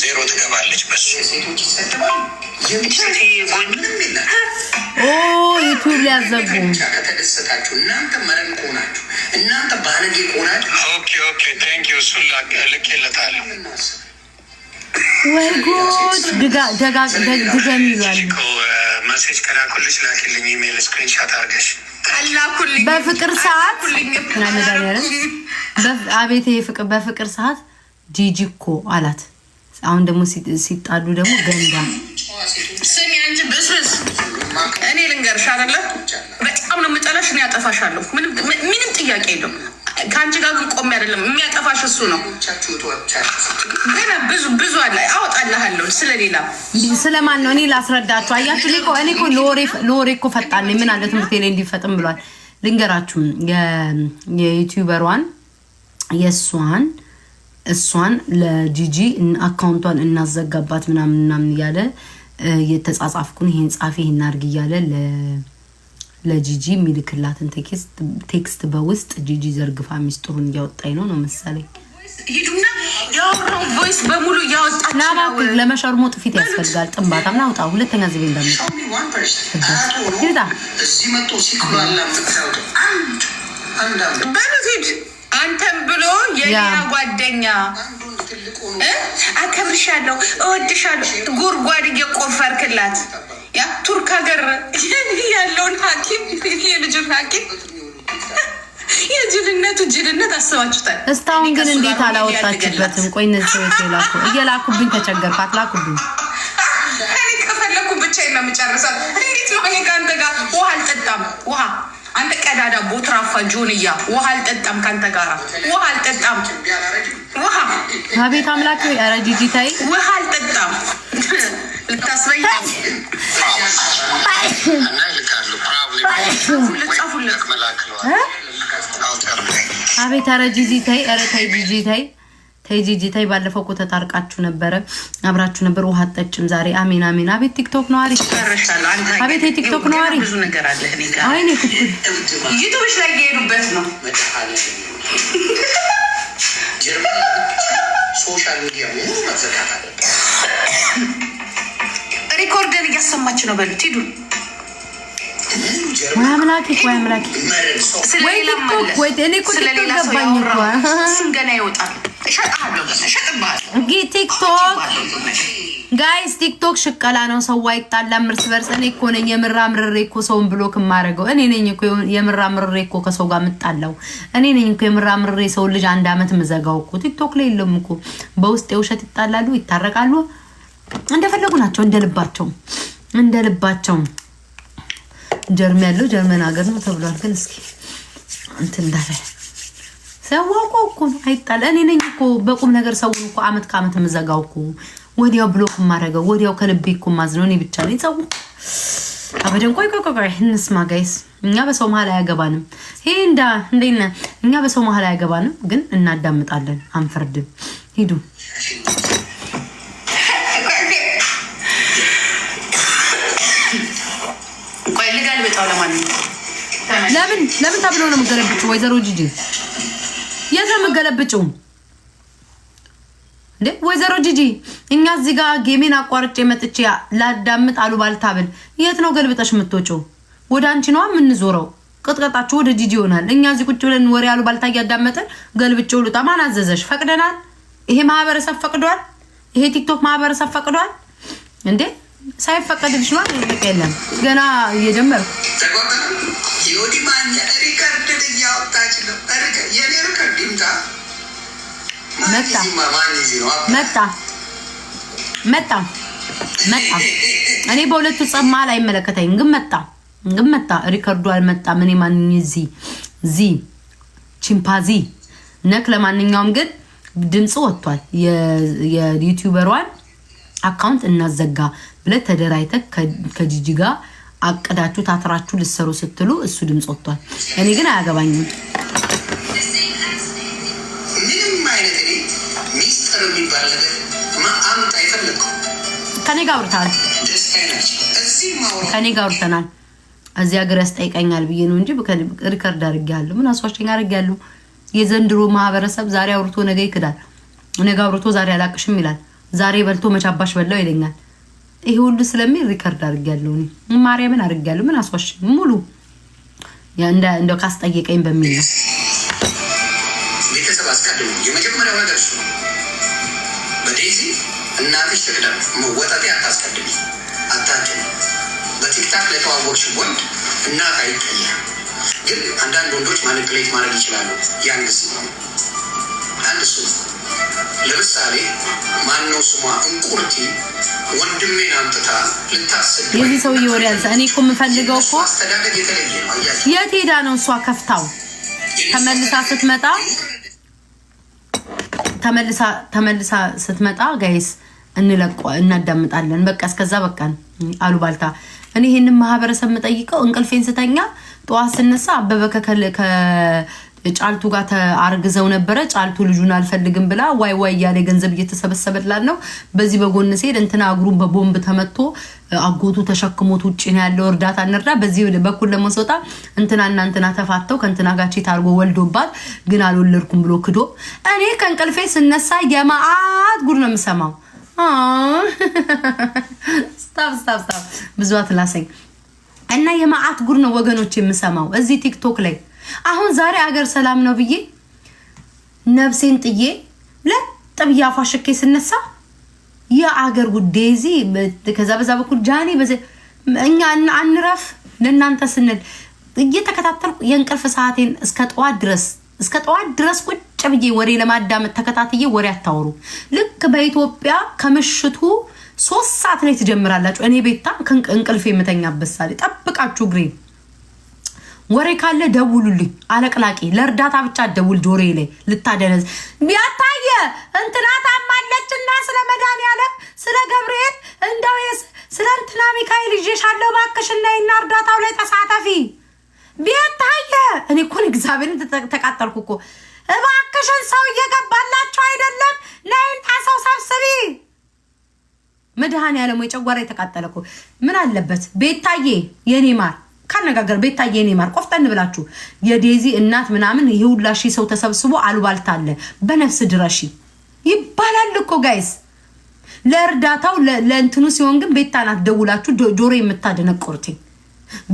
ዜሮ ትገባለች። በሱ ዩቱብ ሊያዘጉ ከተደሰታችሁ እናንተ እናንተ ባለጌ ኦኬ ኦኬ ቴንክ ዩ። እሱን ልኬለታለሁ። ወይ ጉድ መሴጅ uh, ከላኩልሽ ላኪልኝ። ኢሜል ስክሪንሻት በፍቅር ሰዓት አቤት፣ በፍቅር ሰዓት ጂጂ እኮ አላት አሁን ደግሞ ሲጣሉ ደግሞ ገንዳ ስሚ አንቺ ብስብስ እኔ ልንገርሽ አለ በጣም ነው የምጠላሽ። እኔ አጠፋሻለሁ፣ ምንም ጥያቄ የለም። ከአንቺ ጋር ግን ቆሜ አይደለም የሚያጠፋሽ እሱ ነው። ገና ብዙ ብዙ አለ አወጣልሃለሁ። ስለሌላ ስለማን ነው? እኔ ላስረዳቸው አያችሁ እኔ እኔ እኮ ሎሬ እኮ ፈጣን ምን አለ ትምህርት ላይ እንዲፈጥም ብሏል። ልንገራችሁ የዩቲዩበሯን የእሷን እሷን ለጂጂ አካውንቷን እናዘጋባት ምናምን ምናምን እያለ የተጻጻፍኩን ይሄን ጻፊ ይሄን አድርግ እያለ ለጂጂ የሚልክላትን ቴክስት በውስጥ ጂጂ ዘርግፋ ሚስጥሩን እያወጣኝ ነው ነው መሰለኝ። ለመሸርሞ ጥፊት ያስፈልጋል። ጥንባታ ምናምን አውጣ። ሁለተኛ ዝቤ እንዳመጣ አንተም ብሎ የኛ ጓደኛ አከብርሻለሁ፣ እወድሻለሁ ጉርጓድ እየቆፈርክላት ያ ቱርክ ሀገር ያለውን ሐኪም የልጅን ሐኪም የጅልነቱ ጅልነት አስባችሁታል። እስታሁን ግን እንዴት አላወጣችበትም? ቆይ እነዚህ ላኩ እየላኩብኝ ተቸገርኩ። አትላኩብኝ። እኔ ከፈለኩ ብቻ ነው የምጨርሰው። እንዴት ነው እኔ ከአንተ ጋር ውሃ አልጠጣም ውሃ አንተ ቀዳዳ ቦትራፋ ጆንያ ውሃ አልጠጣም፣ ከአንተ ጋራ ውሃ አልጠጣም። ውሃ አቤት አምላክ ኧረ ጂጂ ታይ ውሃ አልጠጣም። ልታስበይ አቤት ኧረ ጂጂ ታይ ኧረ ታይ ጂጂ ታይ ተይ ጂጂ ተይ። ባለፈው እኮ ተታርቃችሁ ነበረ አብራችሁ ነበር። ውሃ ጠጭም ዛሬ። አሜን አሜን። አቤት ቲክቶክ ነዋሪ፣ አቤት የቲክቶክ ነዋሪ። አይኔ ዩቱብሽ ላይ የሄዱበት ነው። ሪኮርደን እያሰማች ነው። በሉት ሂዱ ወይ አምላኬ ወይ አምላኬ ወይ ቲክቶክ ወይ እኔ እኮ ቲክቶክ ገባኝ እኮ እሱን ገና ይወጣል ቲክቶክ ጋይስ ቲክቶክ ሽቀላ ነው። ሰው አይጣላም እርስ በርስ። እኔ እኮ ነኝ የምራ ምርሬ እኮ ሰውን ብሎክ የማደርገው እኔ ነኝ እኮ የምራ ምርሬ እኮ ከሰው ጋር የምጣላው እኔ ነኝ እኮ የምራ ምርሬ ሰውን ልጅ አንድ አመት ምዘጋው እኮ ቲክቶክ ላይ የለም እኮ። በውስጥ የውሸት ይጣላሉ፣ ይታረቃሉ፣ እንደፈለጉ ናቸው። እንደ ልባቸው ጀርመን ያለው ጀርመን ሀገር ነው ተብሏል። ግን እስኪ እንትን እንዳለ ሰው እኮ እኮ አይጣል። እኔ ነኝ እኮ በቁም ነገር ሰውን እኮ አመት ከአመት የምዘጋው እኮ ወዲያው ብሎክ የማደርገው ወዲያው ከልቤ እኮ የማዝነው እኔ ብቻ ነኝ። ሰው አበደን። ቆይ ቆይ ቆይ፣ እንስማ ጋይስ። እኛ በሰው መሀል አያገባንም። ይሄ እንዳ እንዴት ነህ? እኛ በሰው መሀል አያገባንም፣ ግን እናዳምጣለን፣ አንፈርድም። ሂዱ ለምን ለምን ተብሎ ነው የምገለብችው ወይዘሮ ጂጂ የት ነው የምገለብጭው? እንዴ ወይዘሮ ጂጂ እኛ እዚህ ጋር ጌሜን አቋርጬ መጥቼ ላዳምጥ አሉባልታ ብል የት ነው ገልብጠሽ የምትወጪው? ወደ አንቺ ነዋ የምንዞረው። ቅጥቀጣችሁ ወደ ጂጂ ይሆናል። እኛ እዚህ ቁጭ ብለን ወሬ አሉባልታ እያዳመጥን ገልብጬው ልውጣ። ማን አዘዘሽ? ፈቅደናል። ይሄ ማህበረሰብ ፈቅዷል። ይሄ ቲክቶክ ማህበረሰብ ፈቅዷል። እንዴ ሳይፈቀድልሽ ነው የለም ገና እየጀመርኩ ምን እያወጣች ነው? የኔ ርቀት ድምጣ መጣ መጣ መጣ እኔ በሁለቱ ጸማ ላይ አይመለከተኝም፣ ግን መጣ ግን መጣ። ሪከርዱ አልመጣም። እኔ ማንኝ ዚ ዚ ቺምፓዚ ነክ። ለማንኛውም ግን ድምፁ ወጥቷል። የዩቲዩበሯን አካውንት እናዘጋ ብለህ ከጂጂ ጋር አቅዳችሁ ታትራችሁ ልሰሩ ስትሉ እሱ ድምፅ ወጥቷል። እኔ ግን አያገባኝም። ከኔ ጋር አውርተሃል፣ ከኔ ጋር አውርተናል። እዚህ ሀገር ያስጠይቀኛል ብዬ ነው እንጂ ሪከርድ አድርጌያለሁ። ምን አስዋሸኝ አድርጌያለሁ። የዘንድሮ ማህበረሰብ ዛሬ አውርቶ ነገ ይክዳል፣ ነገ አውርቶ ዛሬ አላቅሽም ይላል። ዛሬ በልቶ መቻባሽ በላው ይለኛል። ይሄ ሁሉ ስለሚል ሪከርድ አድርጊያለሁ እኔ ማርያምን አድርጊያለሁ። ምን አስዋሽ ሙሉ እንደው ካስጠየቀኝ በሚል ነው። ቤተሰብ አስቀድሙ። የመጀመሪያው ነገር እሱ ነው። በዴዚ እናትሽ ትቅደም። መወጣቴ አታስቀድሚ፣ አታጭም። በቲክታክ ለተዋወቅሽ ወንድ እናት አይጠየም። ግን አንዳንድ ወንዶች ማኒፕሌት ማድረግ ይችላሉ። ያን ነው ለምሳሌ ማነው ስሟ እንቁርቲ ወንድሜን አምጥታ ልታሰድ የዚህ ሰውዬ ወሬ ያንሳ። እኔ እኮ የምፈልገው እኮ አስተዳደግ የተለየ ነው። የት ሄዳ ነው እሷ ከፍታው ተመልሳ ስትመጣ ተመልሳ ተመልሳ ስትመጣ ጋይስ እንለቆ እናዳምጣለን። በቃ እስከዛ በቃን። አሉባልታ እኔ ይህንን ማህበረሰብ የምጠይቀው እንቅልፌን ስተኛ ጠዋት ስነሳ አበበ ጫልቱ ጋር ተአርግዘው ነበረ። ጫልቱ ልጁን አልፈልግም ብላ ዋይ ዋይ እያለ ገንዘብ እየተሰበሰበላት ነው። በዚህ በጎን ሲሄድ እንትና እግሩን በቦምብ ተመቶ አጎቱ ተሸክሞት ውጭ ነው ያለው። እርዳታ እንርዳ። በዚህ በኩል ደግሞ ስወጣ እንትናና እንትና ተፋተው ከእንትና ጋር ቺት አድርጎ ወልዶባት ግን አልወለድኩም ብሎ ክዶ እኔ ከእንቅልፌ ስነሳ የማአት ጉድ ነው የምሰማው። ስታፍ ስታፍ ስታፍ ብዙ አትላሰኝ እና የማአት ጉድ ነው ወገኖች የምሰማው እዚህ ቲክቶክ ላይ አሁን ዛሬ አገር ሰላም ነው ብዬ ነፍሴን ጥዬ ለጥ ብዬ ሽኬ ስነሳ የአገር ጉዳይ እዚህ ከዛ በዛ በኩል በዚ እኛ አንረፍ ለእናንተ ስንል እየተከታተልኩ የእንቅልፍ ሰዓቴን እስከ ጠዋት ድረስ እስከ ጠዋት ድረስ ቁጭ ብዬ ወሬ ለማዳመጥ ተከታትዬ ወሬ አታወሩ። ልክ በኢትዮጵያ ከምሽቱ ሶስት ሰዓት ላይ ትጀምራላችሁ። እኔ ቤታ እንቅልፍ የምተኛበት ሳሌ ጠብቃችሁ ግሬን ወሬ ካለ ደውሉልኝ። አለቅላቂ ለእርዳታ ብቻ ደውል። ጆሬ ላይ ልታደነዝ ቢያታየ እንትና ታማለች ታማለችና ስለ መድኃኒዓለም ስለ ገብርኤል እንደው ስለ እንትና ሚካኤል ይዤሻለሁ እባክሽና እና እርዳታው ላይ ተሳተፊ። ቢያታየ እኔ እኮን እግዚአብሔርን ተቃጠልኩ እኮ እባክሽን፣ ሰው እየገባላቸው አይደለም። ነይንጣ ሰው ሰብስቢ። መድኃኒዓለም ወይ ጨጓራ የተቃጠለ እኮ ምን አለበት ቤታዬ የኔ ማር ካነጋገር ቤታዬ የኔ ማር ቆፍጠን ብላችሁ የዴዚ እናት ምናምን ይህ ሁላ ሺህ ሰው ተሰብስቦ አሉባልታ አለ። በነፍስ ድረሺ ይባላል እኮ ጋይስ። ለእርዳታው ለእንትኑ ሲሆን ግን ቤታ ናት ደውላችሁ ጆሮ የምታደነቁርቴ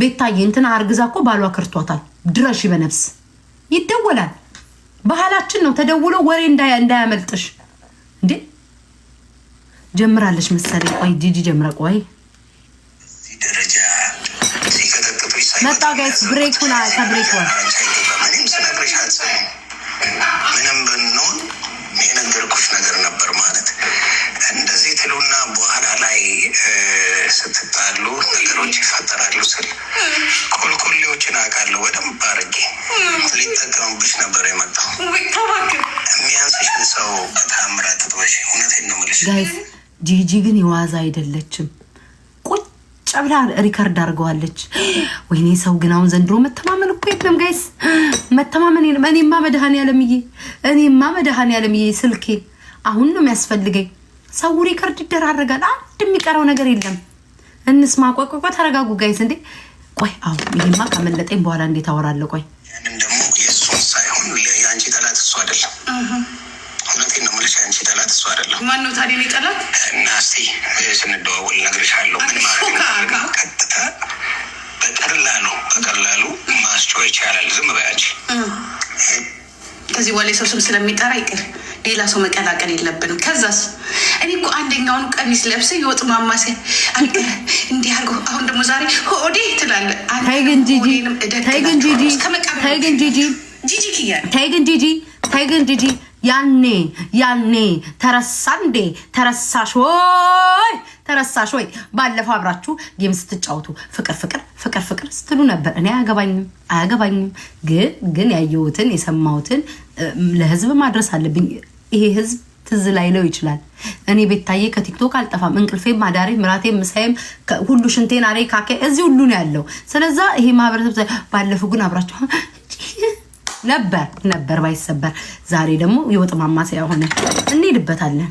ቤታዬ እንትና አርግዛ እኮ ባሏ ክርቷታል፣ ድረሺ በነፍስ ይደወላል። ባህላችን ነው። ተደውሎ ወሬ እንዳያመልጥሽ። እንዴ ጀምራለች መሰለኝ። ቆይ ጂጂ ጀምረ ቆይ ደረጃ መጣ ጋይስ ሁና ከብሬክ ወር ምንም ብንሆን የነገርኩሽ ነገር ነበር ማለት እንደዚህ ትሉና በኋላ ላይ ስትጣሉ ነገሮች ይፈጠራሉ ስል ቁልቁሌዎችን አውቃለሁ በደንብ አድርጌ ነበር የመጣው የሚያንስሽን ሰው በታምራት ጥበሽ ነው የምልሽ ጋይስ ጂጂ ግን የዋዛ አይደለችም ቁጭ ብላ ሪከርድ አድርገዋለች። ወይኔ ሰው ግን አሁን ዘንድሮ መተማመን እኮ የለም ጋይስ፣ መተማመን የለም። እኔማ መድኃኔዓለምዬ እኔማ መድኃኔዓለምዬ ስልኬ አሁን ነው የሚያስፈልገኝ። ሰው ሪከርድ ይደራረጋል። አንድ የሚቀረው ነገር የለም። እንስማ። ቆይ ቆይ ቆይ፣ ተረጋጉ ጋይስ። እንዴ ቆይ፣ አሁን ይሄማ ከመለጠኝ በኋላ እንዴት አወራለሁ? ቆይ ደግሞ የእሱን ሳይሆን የአንቺ ጠላት እሱ አይደለም አንቺ ጠላት እሱ አይደለም። ማን ነው ታዲያ ጠላት? እናስቲ እስቲ ስንደዋወል እነግርሻለሁ። ምን ማለት ነው? ቀጥታ በቀላሉ በቀላሉ ማስጮ ይቻላል። ዝም በያች ከዚህ በኋላ የሰው ስም ስለሚጠራ ይቅር፣ ሌላ ሰው መቀላቀል የለብንም። ከዛስ እኔ እኮ አንደኛውን ቀሚስ ለብሰ የወጥ ማማሴ አንቀ እንዲህ አርጎ አሁን ደግሞ ዛሬ ሆዴ ትላለ። ተይ ግን ጂጂ፣ ተይ ግን ጂጂ፣ ተይ ግን ጂጂ፣ ጂጂ፣ ተይ ግን ጂጂ ያኔ ያኔ ተረሳ እንዴ? ተረሳሽ ወይ? ተረሳሽ ወይ? ባለፈው አብራችሁ ጌም ስትጫወቱ ፍቅር ፍቅር ፍቅር ፍቅር ስትሉ ነበር። እኔ አያገባኝም አያገባኝም፣ ግን ግን ያየሁትን የሰማሁትን ለህዝብ ማድረስ አለብኝ። ይሄ ህዝብ ትዝ ላይለው ይችላል። እኔ ቤታዬ ከቲክቶክ አልጠፋም። እንቅልፌም፣ ማዳሬ፣ ምራቴ፣ ምሳዬም ሁሉ ሽንቴን፣ አሬ ካኬ እዚህ ሁሉ ነው ያለው። ስለዛ ይሄ ማህበረሰብ ባለፈው ግን አብራችሁ ነበር ነበር ባይሰበር ዛሬ ደግሞ የወጥ ማማሰያ ሆነ። እንሄድበታለን።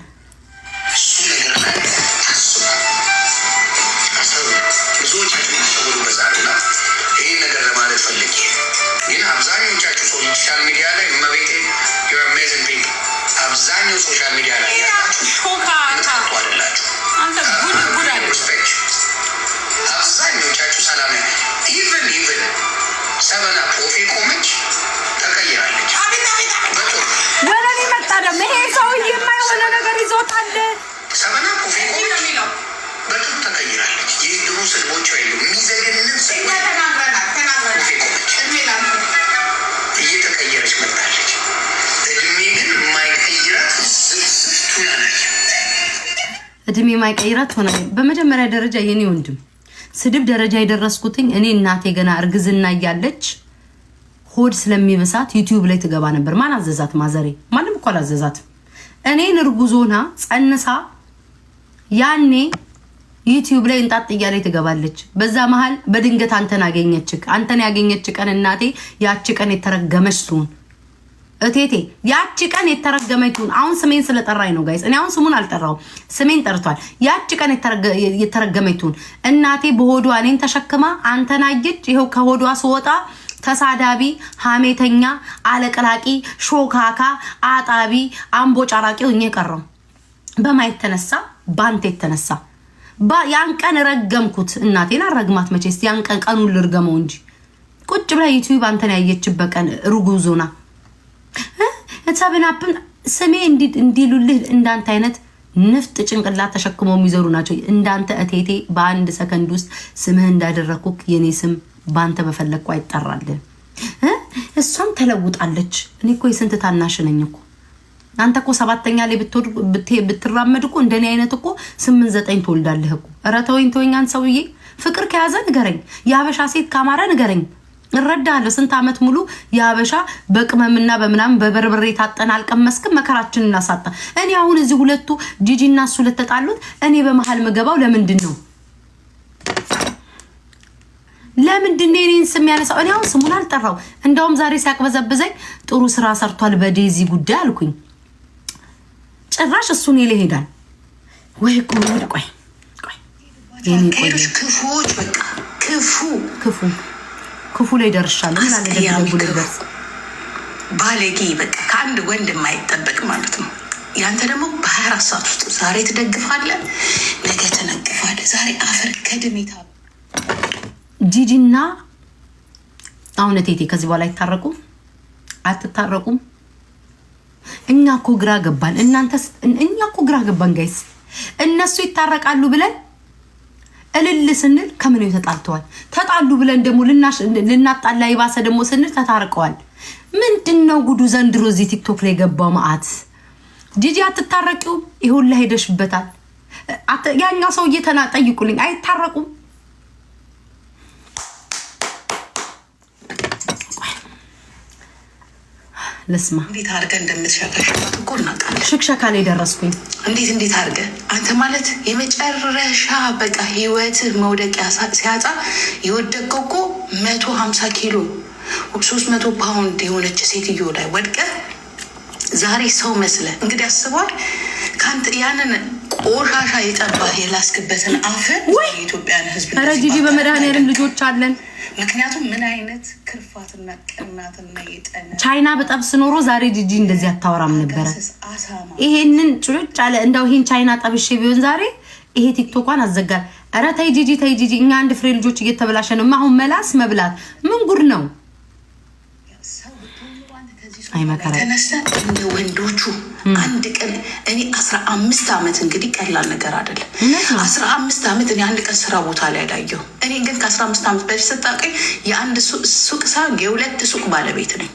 እድሜ ማይቀይራት ሆነ። በመጀመሪያ ደረጃ የኔ ወንድም ስድብ ደረጃ የደረስኩትኝ እኔ እናቴ ገና እርግዝና እያለች ሆድ ስለሚበሳት ዩቲዩብ ላይ ትገባ ነበር። ማን አዘዛት? ማዘሬ ማንም እኮ አላዘዛትም። እኔን እርጉዞና ጸንሳ ያኔ ዩቲዩብ ላይ እንጣጥ እያለ ትገባለች። በዛ መሀል በድንገት አንተን አገኘች። አንተን ያገኘች ቀን እናቴ ያቺ ቀን የተረገመች ትሁን። እቴቴ ያቺ ቀን የተረገመች ትሁን። አሁን ስሜን ስለጠራኝ ነው ጋይስ። እኔ አሁን ስሙን አልጠራው ስሜን ጠርቷል። ያቺ ቀን የተረገመች ትሁን። እናቴ በሆዷ እኔን ተሸክማ አንተን አየች። ይኸው ከሆዷ ስወጣ ተሳዳቢ፣ ሀሜተኛ፣ አለቅላቂ፣ ሾካካ፣ አጣቢ፣ አምቦ ጫራቂ ሆኜ ቀረው። በማ የተነሳ ባንተ የተነሳ ያን ቀን ረገምኩት። እናቴን አረግማት መቼስ ያን ቀን ቀኑን ልርገመው እንጂ ቁጭ ብላ ዩቲዩብ አንተን ያየችበት ቀን ርጉዞና ሰብናብን ስሜ እንዲሉልህ እንዳንተ አይነት ንፍጥ ጭንቅላት ተሸክመው የሚዘሩ ናቸው። እንዳንተ እቴቴ በአንድ ሰከንድ ውስጥ ስምህ እንዳደረግኩክ የኔ ስም በአንተ በፈለግኩ አይጠራል እሷም ተለውጣለች። እኔ እኮ የስንት ታናሽ ነኝ እኮ አንተ እኮ ሰባተኛ ላይ ብትራመድ እኮ እንደኔ አይነት እኮ ስምንት ዘጠኝ ትወልዳለህ እኮ። ኧረ ተወኝ ተወኝ፣ አንድ ሰውዬ ፍቅር ከያዘ ንገረኝ። የአበሻ ሴት ካማረ ንገረኝ፣ እረዳለሁ። ስንት ዓመት ሙሉ የአበሻ በቅመምና በምናምን በበርበሬ ታጠን አልቀመስክም፣ መከራችን እናሳጣ። እኔ አሁን እዚህ ሁለቱ እና እሱ ለተጣሉት እኔ በመሀል ምገባው ለምንድን ነው? ለምንድን ነው የእኔን ስም ያነሳው? እኔ አሁን ስሙን አልጠራው። እንደውም ዛሬ ሲያቅበዘብዘኝ ጥሩ ስራ ሰርቷል በዴዚ ጉዳይ አልኩኝ። ጭራሽ እሱን ይል ይሄዳል ወይ? ቆይ ቆይ ክፉዎች በቃ ክፉ ክፉ ክፉ ላይ ደርሻለሁ። ባለጌ በቃ ከአንድ ወንድ የማይጠበቅ ማለት ነው። ያንተ ደግሞ በሀያ አራት ሰዓት ውስጥ ዛሬ ትደግፋለህ፣ ነገ ተነቅፋለህ። ዛሬ አፈር ከድሜታ ጂጂና አሁን እቴቴ ከዚህ በኋላ አይታረቁም አትታረቁም። እኛ እኮ ግራ ገባን። እናንተ እኛ እኮ ግራ ገባን ጋይስ። እነሱ ይታረቃሉ ብለን እልል ስንል ከምን ተጣልተዋል። ተጣሉ ብለን ደግሞ ልናጣላ ይባሰ ደግሞ ስንል ተታርቀዋል። ምንድን ነው ጉዱ ዘንድሮ እዚህ ቲክቶክ ላይ የገባው መዓት። ጂጂ አትታረቂውም? ይሁላ ሄደሽበታል። ያኛው ሰውዬ ጠይቁልኝ፣ አይታረቁም ልስማ። እንዴት አድርገ እንደምትሸከሽባት እኮ እናውቃለን። ሽክሸካ ላይ ደረስኩኝ። እንዴት እንዴት አድርገ አንተ ማለት የመጨረሻ በቃ ህይወት መውደቂያ ሲያጣ የወደቀው እኮ መቶ ሀምሳ ኪሎ ሶስት መቶ ፓውንድ የሆነች ሴትዮ ላይ ወድቀ ዛሬ ሰው መስለ እንግዲህ አስቧል ከአንተ ያንን ቆሻሻ የጠባ የላስክበትን አፍ የኢትዮጵያን ሕዝብ ረጅ በመድኃኒዓለም ልጆች አለን። ምክንያቱም ምን አይነት ክርፋትና ቅናትና የጠነ ቻይና በጠብስ ኖሮ ዛሬ ጂጂ እንደዚህ አታወራም ነበረ። ይሄንን ጭሎጭ አለ እንደው ይሄን ቻይና ጠብሼ ቢሆን ዛሬ ይሄ ቲክቶኳን አዘጋል። ኧረ ተይ ጂጂ ተይ ጂጂ፣ እኛ አንድ ፍሬ ልጆች እየተበላሸ ነው። አሁን መላስ መብላት ምን ጉድ ነው? ተነስተን እንደ ወንዶቹ አንድ ቀን እኔ አስራ አምስት ዓመት እንግዲህ ቀላል ነገር አይደለም። አስራ አምስት ዓመት እኔ አንድ ቀን ስራ ቦታ ላይ አላየሁም። እኔ ግን ከአስራ አምስት ዓመት በፊት ስታውቀኝ የአንድ ሱቅ ሳ የሁለት ሱቅ ባለቤት ነኝ።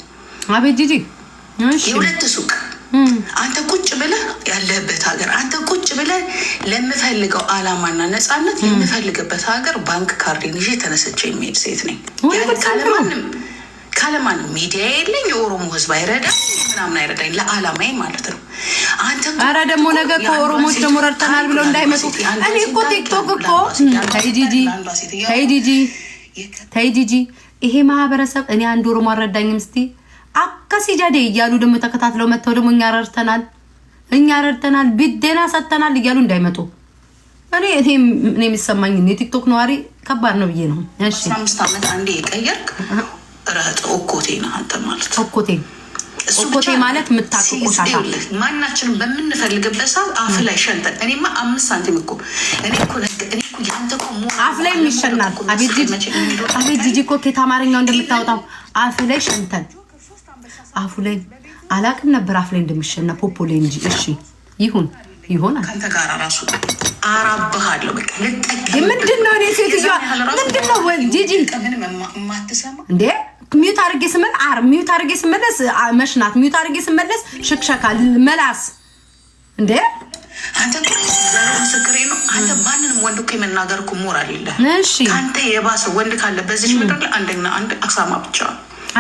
አቤት ጂጂ የሁለት ሱቅ አንተ ቁጭ ብለህ ያለህበት ሀገር አንተ ቁጭ ብለህ ለምፈልገው አላማና ነፃነት የምፈልግበት ሀገር ባንክ ካርዴን ይዤ ተነስቼ የሚሄድ ሴት ነኝ ያለ ካለማን ሚዲያ የለኝ የኦሮሞ ህዝብ አይረዳኝ ምናምን አይረዳኝ ለአላማዬ ማለት ነው። አረ ደግሞ ነገ ከኦሮሞች ደግሞ ረድተናል ብለው እንዳይመጡ። እኔ እኮ ቲክቶክ እኮ ተይጂጂ ተይጂጂ ይሄ ማህበረሰብ እኔ አንድ ኦሮሞ አልረዳኝም ስቲ አካሲጃዴ እያሉ ደግሞ ተከታትለው መጥተው ደግሞ እኛ ረድተናል እኛ ረድተናል ቢደና ሰጥተናል እያሉ እንዳይመጡ እኔ እኔ የሚሰማኝ የቲክቶክ ነዋሪ ከባድ ነው ብዬ ነው። እሺ አምስት አመት አንዴ የቀየርክ ራጠ ኦኮቴ ነህ አንተ ማለት ኦኮቴ ኦኮቴ ማለት የምታቆሳታ ማናችንም በምንፈልግበት ሰዓት አፍ ላይ ሸንጠን እኔማ አምስት ሳንቲም እኮ እኔ እኮ እኔ እኮ ያንተ እኮ አፍ ላይ የሚሸናል። አቤት ጂጂ እኮ ኬት አማርኛው እንደምታወጣው አፍ ላይ ሸንተን አፉ ላይ አላቅም ነበር አፍ ላይ እንደሚሸና ፖፖ ላይ እንጂ። እሺ ይሁን ይሆናል። ከአንተ ጋር ራሱ አራብሃለሁ በቃ ምንድን ነው እኔ ሴትዮዋ ምንድን ነው ጂጂ እንዴ ሚዩት አድርጌ ስመለስ አር ሚዩት አድርጌ ስመለስ መሽናት ሚዩት አድርጌ ስመለስ ሽክሸካል መላስ እንዴ አንተ እኮ ምስክሬ ነው። አንተ ማንንም ወንድ እኮ የመናገር እኮ ሞራል የለህ። ከአንተ የባሰ ወንድ ካለ በዚች ምድር ላይ አንደኛ አንድ አሳማ ብቻ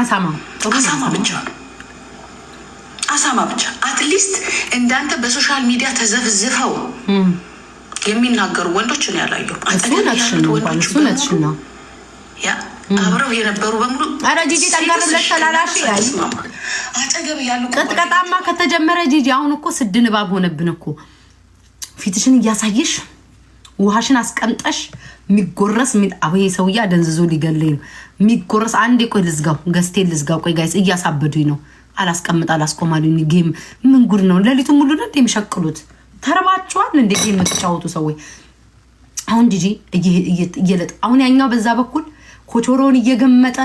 አሳማ አሳማ ብቻ አሳማ ብቻ። አትሊስት እንዳንተ በሶሻል ሚዲያ ተዘፍዝፈው የሚናገሩ ወንዶችን ያላየው አንተ ወንዶች አብረው የነበሩ በሙሉ አረ ጂጂ ጠንቀርለት ተላላፊ አጠገብ ያሉ ቅጥቀጣማ ከተጀመረ ጂጂ አሁን እኮ ስድ ንባብ ሆነብን እኮ ፊትሽን እያሳየሽ ውሃሽን አስቀምጠሽ የሚጎረስ አብይ ሰውዬ አደንዝዞ ሊገለኝ ነው። የሚጎረስ አንዴ ቆይ ልዝጋው፣ ገዝቴን ልዝጋው። ቆይ ጋይስ እያሳበዱኝ ነው። አላስቀምጥ አላስቆማሉኝ። ጌም ምን ጉድ ነው? ሌሊቱን ሙሉ ነው የሚሸቅሉት። ተርባችኋል እንዴ የምትጫወቱ ሰዎች? አሁን ጂጂ እየለጥ አሁን ያኛው በዛ በኩል ኮቾሮን እየገመጠ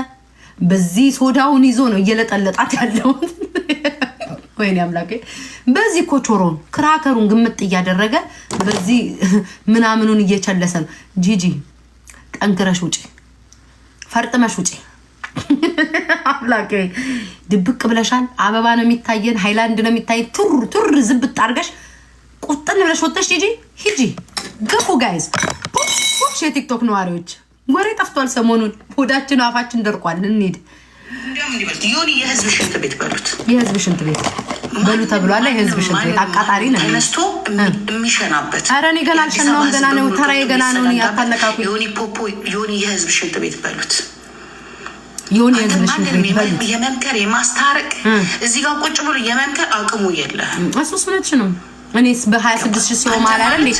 በዚህ ሶዳውን ይዞ ነው እየለጠለጣት ያለውን። ወይኔ አምላኬ! በዚህ ኮቾሮን ክራከሩን ግምጥ እያደረገ በዚህ ምናምኑን እየቸለሰ ነው። ጂጂ ጠንክረሽ ውጪ፣ ፈርጥመሽ ውጪ። አምላኬ! ድብቅ ብለሻል። አበባ ነው የሚታየን፣ ሃይላንድ ነው የሚታየን። ቱር ቱር ዝብጥ አድርገሽ ቁጥን ብለሽ ወጥተሽ ጂጂ ሂጂ። ግፉ ጋይዝ፣ ሼ የቲክቶክ ነዋሪዎች ወሬ ጠፍቷል። ሰሞኑን ሆዳችን አፋችን ደርቋል። እንሂድ። የህዝብ ሽንት ቤት በሉት፣ የህዝብ ሽንት ቤት በሉ ተብሏል። የህዝብ ሽንት ቤት አቃጣሪ ነው ነስቶ የሚሸናበት። ኧረ እኔ ገና አልሸናውም። ገና ነው ተራዬ፣ ገና ነው። አታነቃቁ። ዮኒ ፖፖ፣ ዮኒ የህዝብ ሽንት ቤት በሉት። ዮኒ የህዝብ ሽንት ቤት በሉት። የመምከር የማስታረቅ እዚህ ጋር ቁጭ ብሎ የመምከር አቅሙ የለ። እሱስ እውነትሽ ነው። እኔስ በ26 ሺህ ሰው ማርያም እንዴ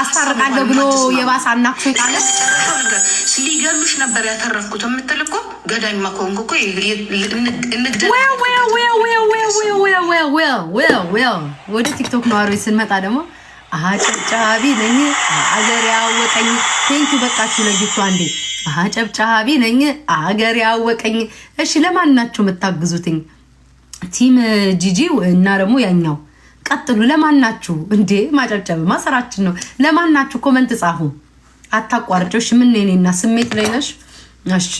አስታርቃለሁ ብሎ የባሰ አናክሶ ይታለ ሊገሉሽ ነበር ያተረፍኩት የምትል እኮ ገዳኝ ማኮንኩ እኮ ወደ ቲክቶክ ነዋሪዎች ስንመጣ ደግሞ አጨብጫቢ ነኝ አገር ያወቀኝ። ቴንኪ በቃችሁ ለጊቱ አንዴ አጨብጫቢ ነኝ አገር ያወቀኝ። እሺ ለማን ናቸው የምታግዙትኝ? ቲም ጂጂ እና ደግሞ ያኛው ቀጥሉ። ለማናችሁ እንዴ? ማጨብጨብ ማሰራችን ነው። ለማናችሁ ኮመንት ጻፉ። አታቋርጮሽ። ምን እኔና ስሜት ላይ ነሽ? እሺ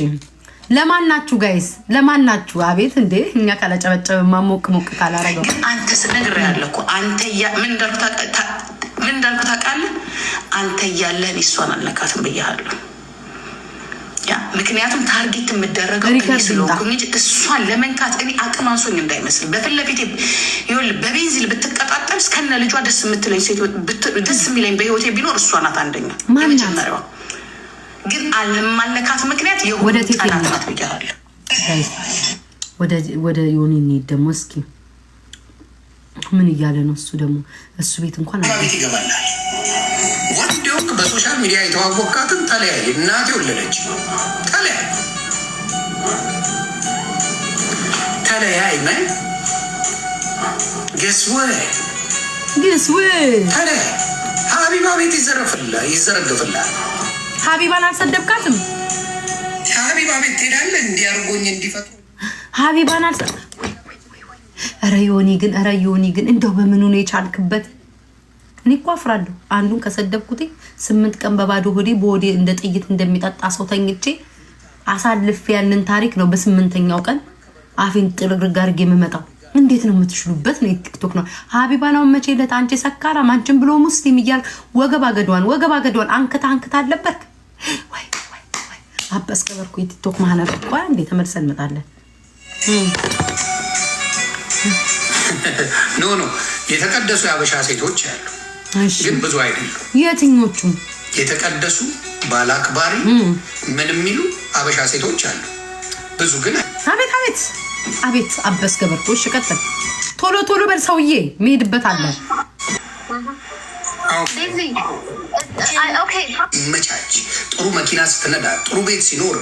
ለማናችሁ ጋይስ፣ ለማናችሁ አቤት እንዴ! እኛ ካላጨበጨበ ማሞቅ ሞቅ ካላረገው አንተ ስነግር ያለኩ አንተ ምን እንዳልኩ ታውቃለህ። አንተ እያለን እሷን አልነካትም ብያለሁ። ምክንያቱም ታርጌት የምደረገው እኔ ስለሆንኩኝ እሷን ለመንካት እኔ አቅም አንሶኝ እንዳይመስል በፊት ለፊት በቤንዚል ብትቀጣጠል እስከነ ልጇ ደስ የምትለኝ ሴት ደስ የሚለኝ በህይወቴ ቢኖር እሷ ናት። አንደኛ የመጀመሪያዋ ግን አለማለካት ምክንያት የሆነ ጠላት ናት ብያለሁ። ወደ ዮኒ እንሂድ ደግሞ እስኪ ምን እያለ ነው እሱ ደግሞ እሱ ቤት እንኳን ቤት ይገባላል እየሮጥክ በሶሻል ሚዲያ የተዋወቃትን ተለያይ እናት የወለደች ተለያ ተለያይ ናይ ገስወ ገስወ ተለያይ ሀቢባ ቤት ይዘረፍላል ይዘረግፍላል። ሀቢባን አልሰደብካትም። ሀቢባ ቤት ትሄዳለህ እንዲያርጎኝ እንዲፈቱ ሀቢባን አልሰ ረዮኒ ግን ረዮኒ ግን እንደው በምን ነው የቻልክበት እኔ እኮ አፍራለሁ። አንዱን ከሰደብኩት ስምንት ቀን በባዶ ሆዴ በሆዴ እንደ ጥይት እንደሚጠጣ ሰው ተኝቼ አሳልፍ ያንን ታሪክ ነው በስምንተኛው ቀን አፌን ጥርግርግ አድርጌ የምመጣው። እንዴት ነው የምትችሉበት? ነው ቲክቶክ ነው ሀቢባ ነው መቼ ዕለት አንቺ ሰካራም አንቺን ብሎ ሙስሊም እያል ወገብ አገዷን ወገብ አገዷን አንክታ አንክታ አለበርክ ወይ አበስ የቲክቶክ ማህነር እኳ እንዴ ተመልሰን እንመጣለን። ኖ ኖ የተቀደሱ የአበሻ ሴቶች ያሉ ግን ብዙ አይደለም። የትኞቹ የተቀደሱ ባለአክባሪ ምን የሚሉ አበሻ ሴቶች አሉ፣ ብዙ ግን አቤት አቤት አቤት አበስ ገበርቶች ቀጥል። ቶሎ ቶሎ በል ሰውዬ፣ መሄድበት አለ። መቻች ጥሩ መኪና ስትነዳ ጥሩ ቤት ሲኖር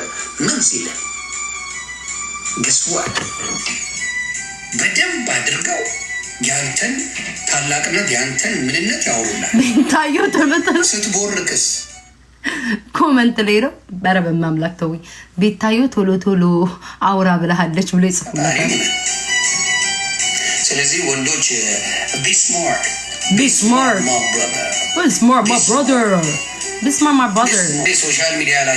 ምን ሲለ ገስዋል በደንብ አድርገው ያንተን ታላቅነት ያንተን ምንነት ያወሩላል። ቤታዮ ተመጠን ስትቦርቅስ ኮመንት ላይ ነው። ኧረ በማምላክ ተውኝ። ቤታዮ ቶሎ ቶሎ አውራ ብለሃለች ብሎ ይጽፉላታል። ስለዚህ ወንዶች ማ ቢስማርት ማ ቢስማርት ሶሻል ሚዲያ ላይ